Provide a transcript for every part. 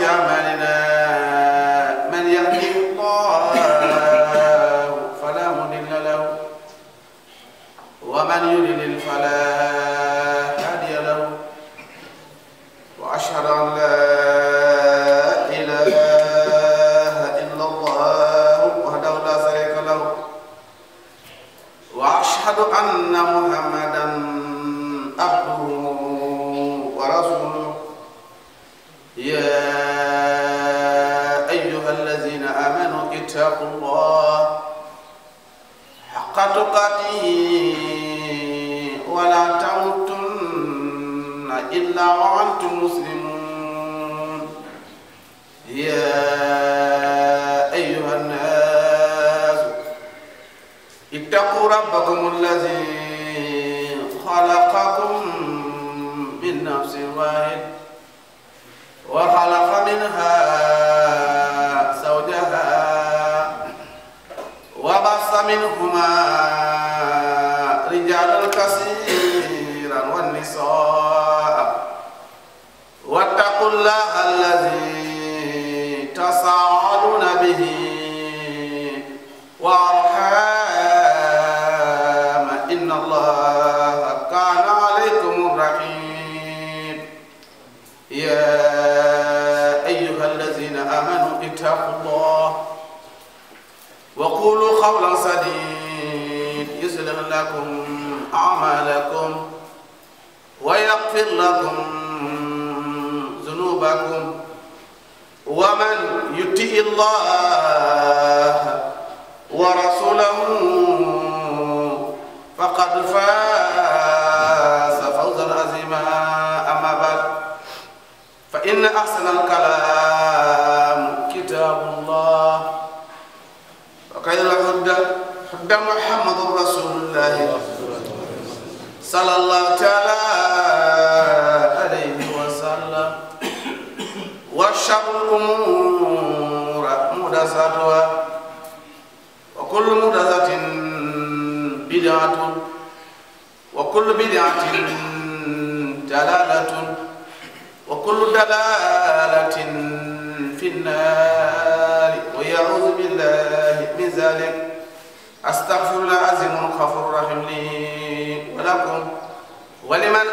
Yeah man. حق ولا تموتن إلا وأنتم مسلمون يا أيها الناس اتقوا ربكم الذي خلقكم من نفس واحد وخلق منها زوجها وبص منهم العلماء رجالا كثيرا والنساء واتقوا الله الذي تساءلون به وارحام ان الله كان عليكم رحيم يا ايها الذين امنوا اتقوا الله وقولوا قولا سديدا لكم أعمالكم ويغفر لكم ذنوبكم ومن يطع الله ورسوله فقد فاز فوزا عظيما أما بعد فإن أحسن الكلام كتاب الله وكذا الهدى هدى محمد رسول الله صلى الله تعالى عليه وسلم وشر الأمور مدساتها وكل مدسة بدعة وكل بدعة دلالة وكل دلالة في النار ويعوذ بالله من ذلك أستغفر الله ولمن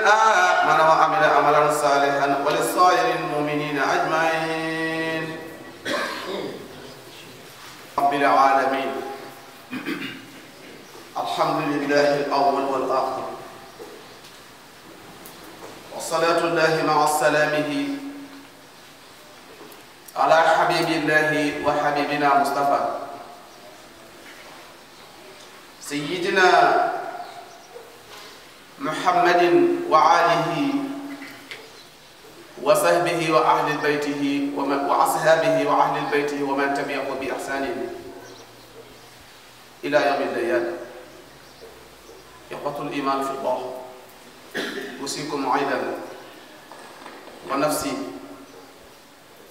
آمن وعمل عملا صالحا وللصائر المؤمنين أجمعين رب العالمين الحمد لله الأول والآخر وصلاة الله مع سلامه على حبيب الله وحبيبنا مصطفى سيدنا محمد وعاله وصحبه وأهل بيته وأصحابه وأهل بيته ومن تبعه بإحسان إلى يوم الديان إخوة الإيمان في الله أوصيكم عيدا ونفسي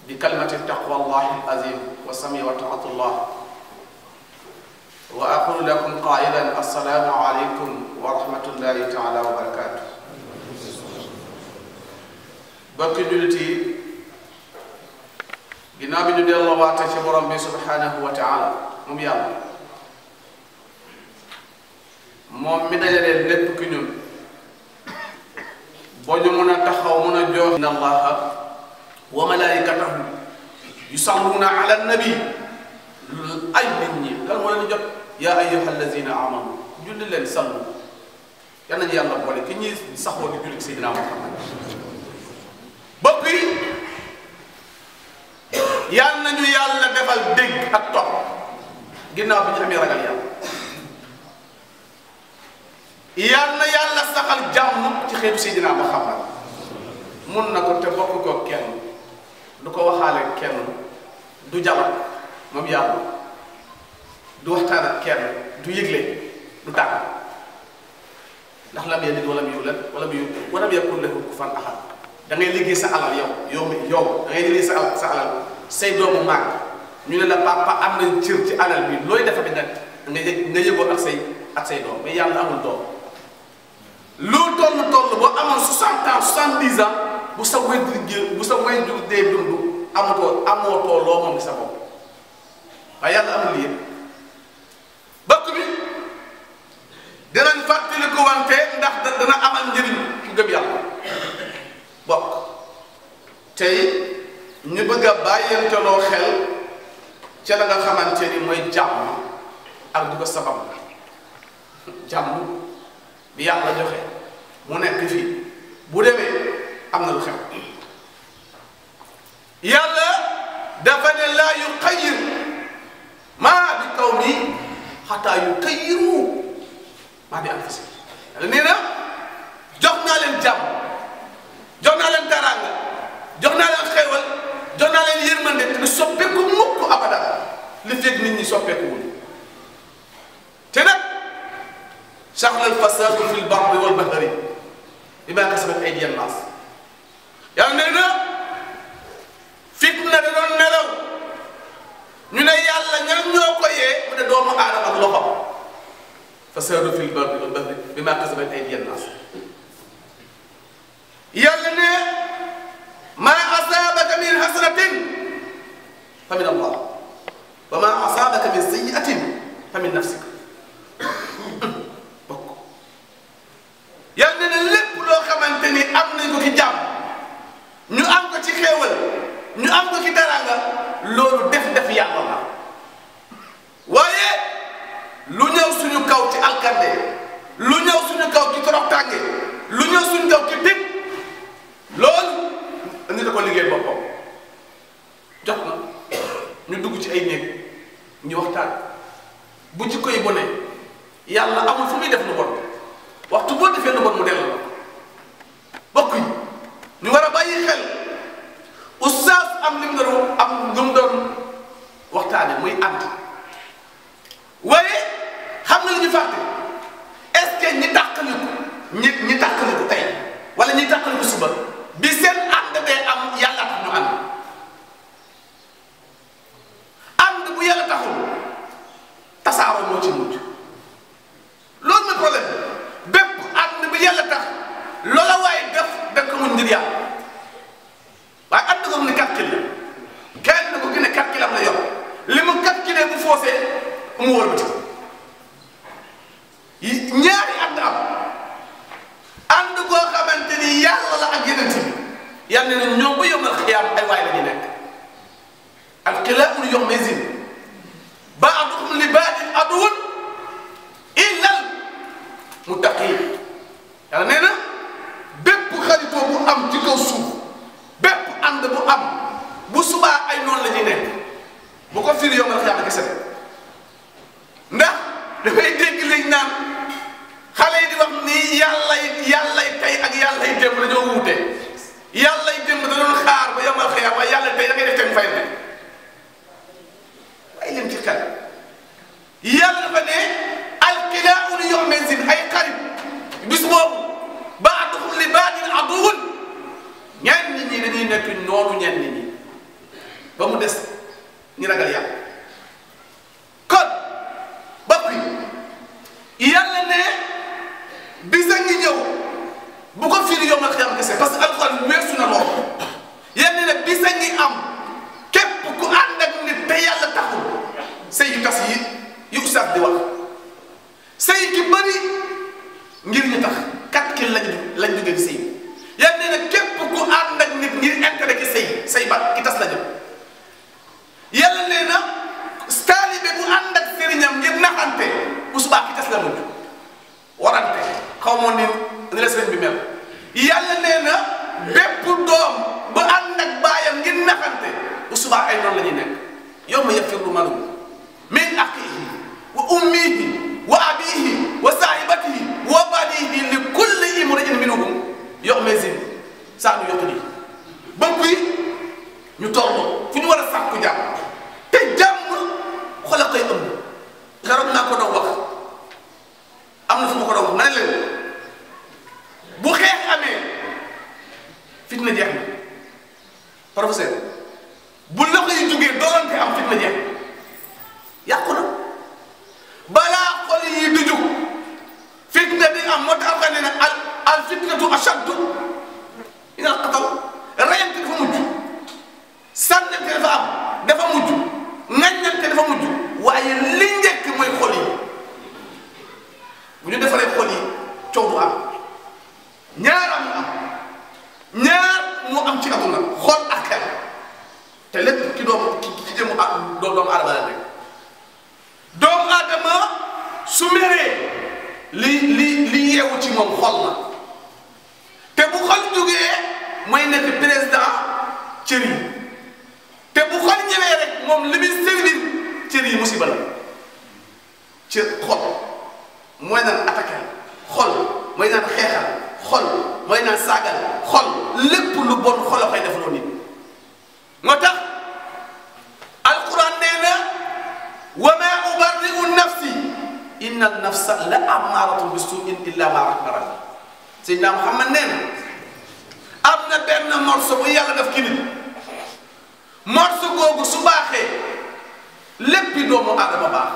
بكلمة تقوى الله العظيم وسمي وطاعة الله وأقول لكم قائلا السلام عليكم ورحمة الله تعالى وبركاته bokki jullit yi ginnaaw bi ñu delloo waate ci borom bi subhanahu wa taala moom yàlla moom mi dajalee lépp ki ñun boo ñu mën a taxaw mën a joox inna allaha wa malaikatahu yusalluna ala nabi ay nit ñi lan moo leen jot yaa ayyuha allazina amanu julli leen sallu yal nañu yàlla boole ki ñuy saxoo di julli Seydina Muhammad bokk yi yal nañu yàlla defal dégg ak topp ginnaaw bi ñu amee ragal yàlla yal na yàlla saxal jàmm ci xeetu Seydina Muhammad mun na ko te bokk ko kenn du ko waxaale kenn du jabar moom yàlla du waxtaan ak kenn du yëgle du tàgg ndax la yalid walam yuulad walam yu walam yakun lahu kufuwan ahad da ngay liggéey sa alal yow yow mi yow da ngay liggéey sa ñu ne la papa am nañ cër alal bi looy defa bi nag nga yëg ak say ak say doom mais yàlla amul doom loo toll toll boo amoon 60 ans 70 ans bu sa wéjur jë bu sa wéjur dee dund amatoo amootoo loo moom sa bopp waaye yàlla amul yëpp. ko wante ndax dana amal njëriñ ki gëm yàlla bokk tey ñu bëgg a bàyyanteloo xel ca la nga xamante ni mooy jàmm ak du sabab jàmm bi yàlla joxe mu nekk fii bu demee am na lu xew yàlla dafa ne laa yu xayir maa bi kaw mi xataa yu kayiru maa bi am yàlla nee na jox naa leen jàmm jox naa leen teraanga jox naa leen xéewal jox naa leen yërmande du soppeeku mukk abada li fekk nit ñi soppeekuwul te nag saxlal fasaadu fil barri wal bahri bima kasabat aydiya nnaas yàlla nee na fitna da doon nelaw ñu ne yàlla ñan ñoo ko yee mu ne doomu aadama ak loxo fasaadu fil barri ما قسمت أيدي الناس 지금 ay noonu la ñuy nekk bu ko firi yombal xiyaama gis ndax dafay dégg liñ naan xale yi di wax ni yàllay yàllay tey ak yàllay démb dañoo wuute yàllay démb da doon xaar ba yombal xiyaama waaye yàlla tey da ngay def tey fay nekk waaye yéen ci xel yàlla dafa ne alqinaa li yawmin zin ay xarit bis boobu baaduhum li baadin aduwwun ñenn ñi dañuy nekk noonu ñenn ñi. ba mu des ñu ragal yàlla kon bopp yi yàlla ne bisa ngi ñëw bu ko firi yomal xiyam kese parce que dafa am dafa mujj ŋàññante dafa mujj waaye li njëkk mooy xol yi bu ñu defaree xol yi coow du am ñaar am am ñaar moo am ci aduna xol ak xel te lépp ki doom ki ci jëmu ak ah, doomu la rek doomu aadama su li li li yeewu ci moom xol la te bu xol jógee mooy nekk président cër mom limi muy servir cër musiba la ci xol moy nan attaquer xol moy nan xexal xol moy nan sagal xol lépp lu bon xol a koy def lo nit motax alquran neena wama ubarri'u nafsi inna an nafsa la amaaratun bi suin illa ma rahima rabbi seydina Muhammad nee na am morso bu yàlla daf ki nit morso googu su baaxee léppi doomu aadama baax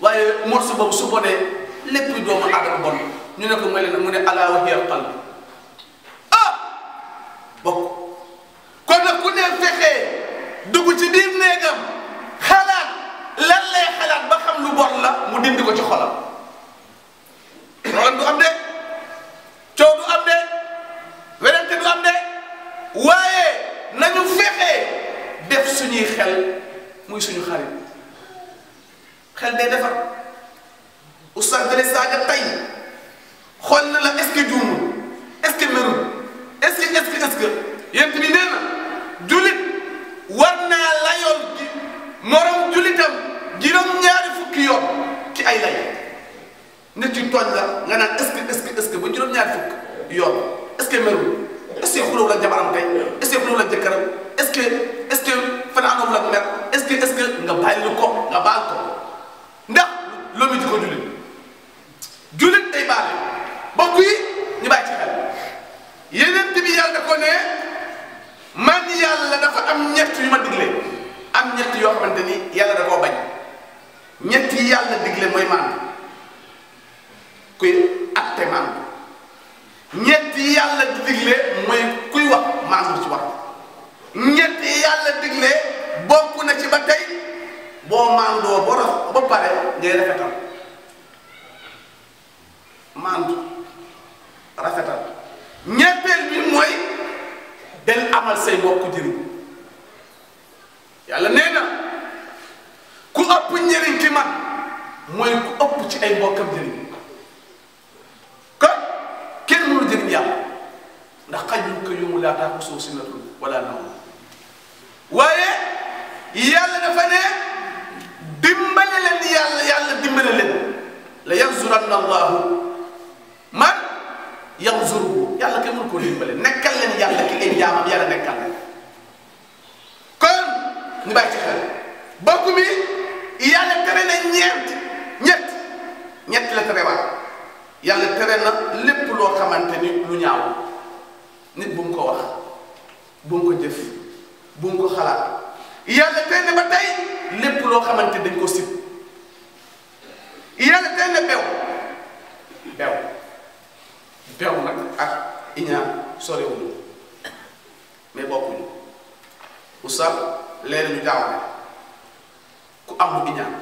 waaye morso boobu su bonee léppi doomu aadama bon ñu ne ko mooy mu ne alaa wa hiya qalb ah bokk kon nag ku ne fexee dugg ci biir néegam xalaat lan lay xalaat ba xam lu bon la mu dindi ko ci xolam amal say bokk jëriñ yàlla nee na ku ëpp njëriñ ci man mooy ku ëpp ci ay mbokkam jëriñ kon kenn mënu jëriñ yàlla ndax xajul ko yomu laa taa ko soo sinatul wala naw waaye yàlla dafa ne dimbale leen yàlla yàlla dimbale leen la yanzuranna allahu man yanzuru yàlla kenn mënu ko dimbale nekkal leen yàlla ki ay jaamam yàlla nekkal leen kon ñu bàyyi ci xel bokk mi yàlla tere na ñeent ñett ñett la terewaat yàlla tere na lépp loo xamante ni lu ñaaw nit bu mu ko wax bu mu ko jëf bu mu ko xalaat yàlla tere na ba tey lépp loo xamante dañ ko sib yàlla tere na bew bew bew nag ak iñaan sorewuñu mais bokkuñu oustaz léegi ñu jaawale ku am lu iñaan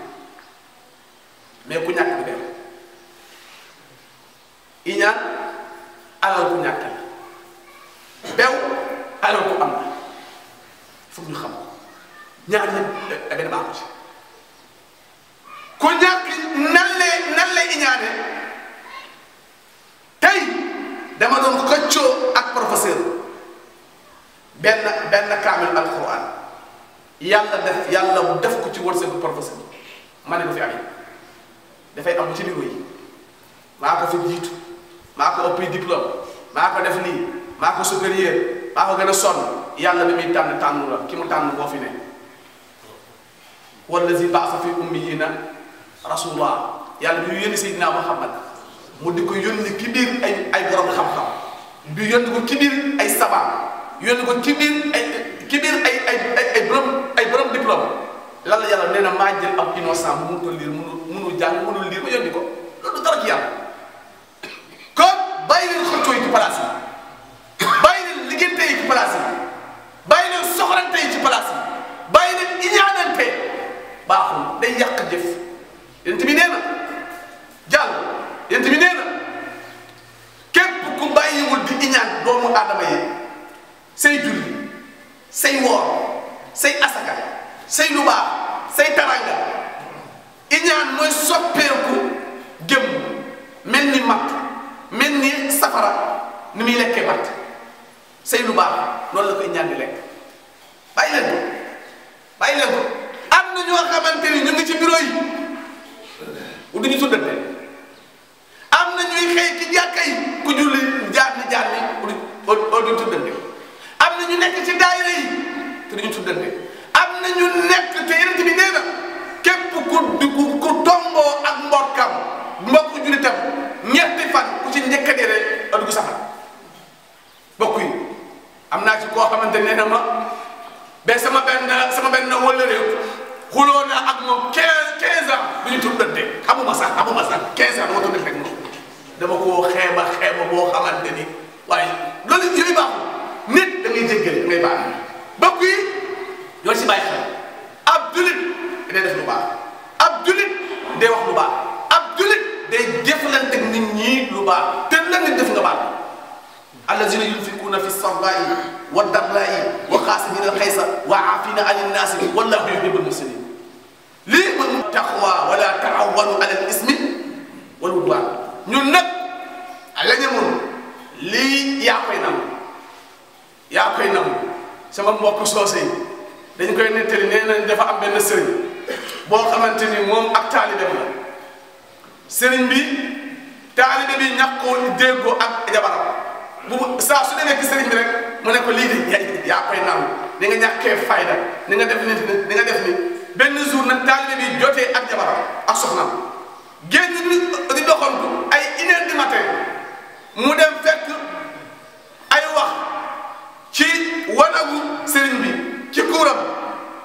mais ku ñàkk du dem iñaan alal ku ñàkk la bew alal ku am la ñu xam ñaar ñëpp benn baaxu ci ku ñàkk nan lay iñaane tey dama doon xëccoo ak professeur benn benn kaamil alquran yàlla def yàlla def ko ci wërsëgu professeur ma ne du fi amee dafay am ci niveau yi maa ko fi jiitu maa ko ëpp diplôme maa ko def nii maa ko supérieur maa ko gën a sonn yàlla bi muy tànn tànn la ki mu tànn boo fi ne wallazi ba'atha fi ummiyina rasulullah yàlla bi ñu yónni Seydina Muhammad mu di ko yónni ci biir ay ay borom xam-xam bi yónni ko ay sabaa yónni ko ci ay ci biir ay ay ay borom ay borom diplôme lan la yàlla nee na maa jël ab innocent bu mënut a liir mënul mënul ko loolu du dara ci yàlla kon bàyyi leen xëccoo yi ci palaas yi bàyyi leen liggéeyante yi ci yi bàyyi leen soxorante yi yi bàyyi leen iñaanante baaxul day yàq jëf yéen tamit nee na. doomu yi say julli say woor say asaka say lu say taranga iñaan mooy soppeeku gëm mel ni matt mel ni safara ni muy lekkee matt say lu baax la ko iñaan lekk bàyyi leen bàyyi leen am na ñoo xamante ni ñu ngi ci bureau yi du ñu tuddante am na ñuy xëy ci jàkka yi ku julli jaar ni jaar ni oo oo duñ tuddante am na ñu nekk ci daayira yi te duñu tuddante am na ñu nekk te yonent bi nee na képp ku ku tomboo ak mbokkam mbokku jullitam ñetti fan ku ci njëkk a dee rek dugg safara am naa ci koo xamante ne na ma ba sama benn sama benn wala réew xuloo na ak moom 15 15 ans duñu tuddante xamuma sax xamuma sax 15 ans dama tuddante ak moom dama koo xeeba xeeba boo xamante ni. ngay baal bokk yi loolu si bàyyi xel ab julit day def lu baax ab julit day wax lu baax ab julit day jëflante ak nit ñi lu baax te la nga def nga baal allazina yunfiquna fi sarrai wa darrai wa xaasibina alxaysa wa aafina ani nnaasi wallahu yuhibbul muslimin lii mooy taqwa wala taawanu ala al ismi wal udwan ñun nag la ñu mun lii yaa koy nangu yaa koy nangu sama mbokk soose yi dañ koy nettali nee nañ dafa am benn sëriñ boo xamante ni moom ak taalibam la sëriñ bi taalibe bi ñàkkoo ñu déggoo ak jabaram bu saa su demee ci sëriñ bi rek mu ne ko lii de yaa koy nangu ni nga ñàkkee fayda ni nga def nit ni nga def ni benn jour nag taalibe bi jotee ak na ak soxnaam di doxantu ay une heure du mu dem fekk wanagu sëriñ bi ci kuuram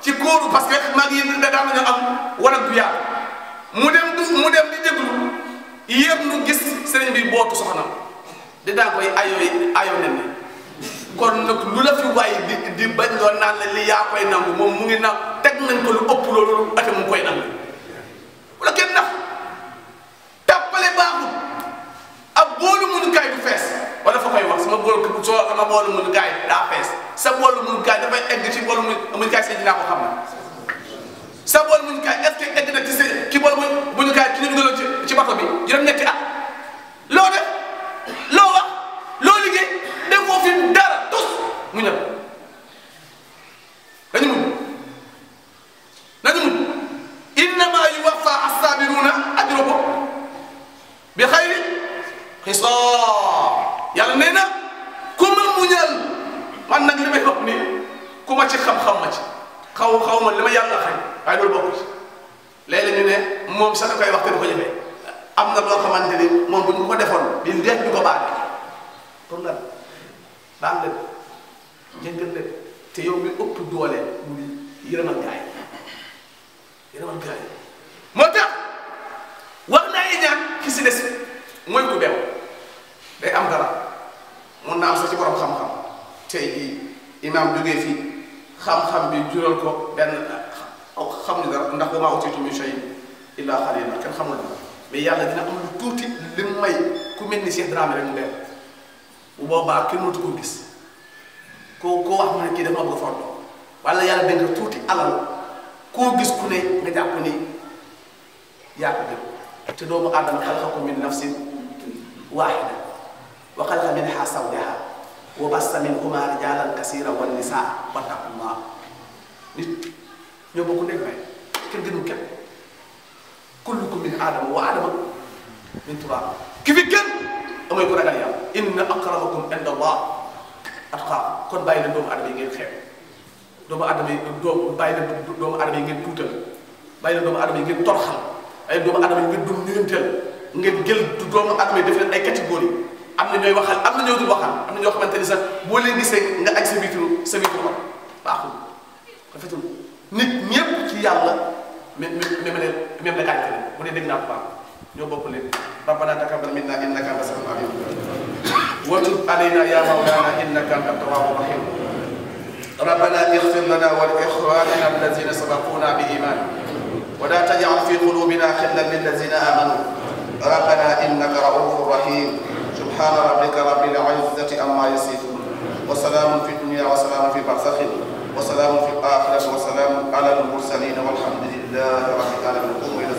ci kuuru parce que mag yi da daan nañu am wanag bu yaatu mu dem du mu dem di déglu yépp nu gis sëriñ bi bootu soxna di daan koy ayoo ayoo nen ni kon nag lu la fi waaye di di bañ doon naan la yaa koy nangu moom mu ngi naan teg nañ ko lu ëpp loolu ate mu koy nangu wala kenn ndax tàppale baaxul ab boolu mënu kaay du fees wala fa koy wax sama boolu sama boolu mënu daa fees sa boolu muñ kaay dafay egg ci boolu muñ kaay Seydina Muhammad sa boolu muñ kaay est-ce que egg na ci seen ci boolu muñ buñ kaay ki ñu dugaloon ci ci loo def loo wax loo liggéey defoo dara tus mu ñëw dañu muñ dañu muñ innama yuwaffa as bi xayri xisaab yàlla nee xaw xaw ma li ma yàlla xañ waaye loolu bokkul léeg-léeg ñu ne moom sax da koy wax te du ko jëfee am na loo ni moom bu ñu ko defoon bi ndeet bi ko baal pour lan baal la jëngal la te yow mi ëpp doole muy yërëmal gaay yërëmal gaay moo tax wax naa iñaan ki si des mooy ku beew day am dara mun naa am ci borom xam-xam tey jii imaam jógee fii xam-xam bi jural ko benn ah, xam ni dara ndax wa maa utiitum min shay'in illaa qaliilaa kenn xamul dina am tuuti li mu may ku mel ni Cheikh Dramé rek mu leer bu boobaa kenn dootu ko gis wax mu ne kii dafa bëgg fond wala yàlla benn tuuti alal koo gis ku ne nga jàpp ni yaa ko gën te doomu aadama xalaqa ko min nafsin waahida wa xalaqa minhaa zawjahaa wa bassa minhumaa rijaalan kasiiran wan nisaa wattaqullah nit ñoo bokk nekk may kenn gënul kenn kullukum min aadama wa aadama min turaab ki fi kenn amay ko ragal yàlla inna akramakum doomu adama yi ngeen xeeb doomu adama doomu adama yi ngeen tuutal ay doomu adama yi ngeen dum ñëwanteel ngeen jël doomu adama yi def leen ay catégorie am na ñooy waxal am na ñoo dul waxal am na ñoo xamanteni sax bo leen gisee nga ak sa vitre sa vitre xol baaxul rafetul nit ñëpp ci yàlla même même même la gàñte leen mu ne dégg naa ko baax ñoo bokk leen rabbana taqabbal minna innaka antas samiul alim wa tub alayna ya mawlana innaka anta tawwabur rahim ربنا اغفر لنا ولإخواننا الذين سبقونا بإيمان ولا تجعل في قلوبنا خلا للذين آمنوا السخط وسلام في الآخرة وسلام على المرسلين والحمد لله رب العالمين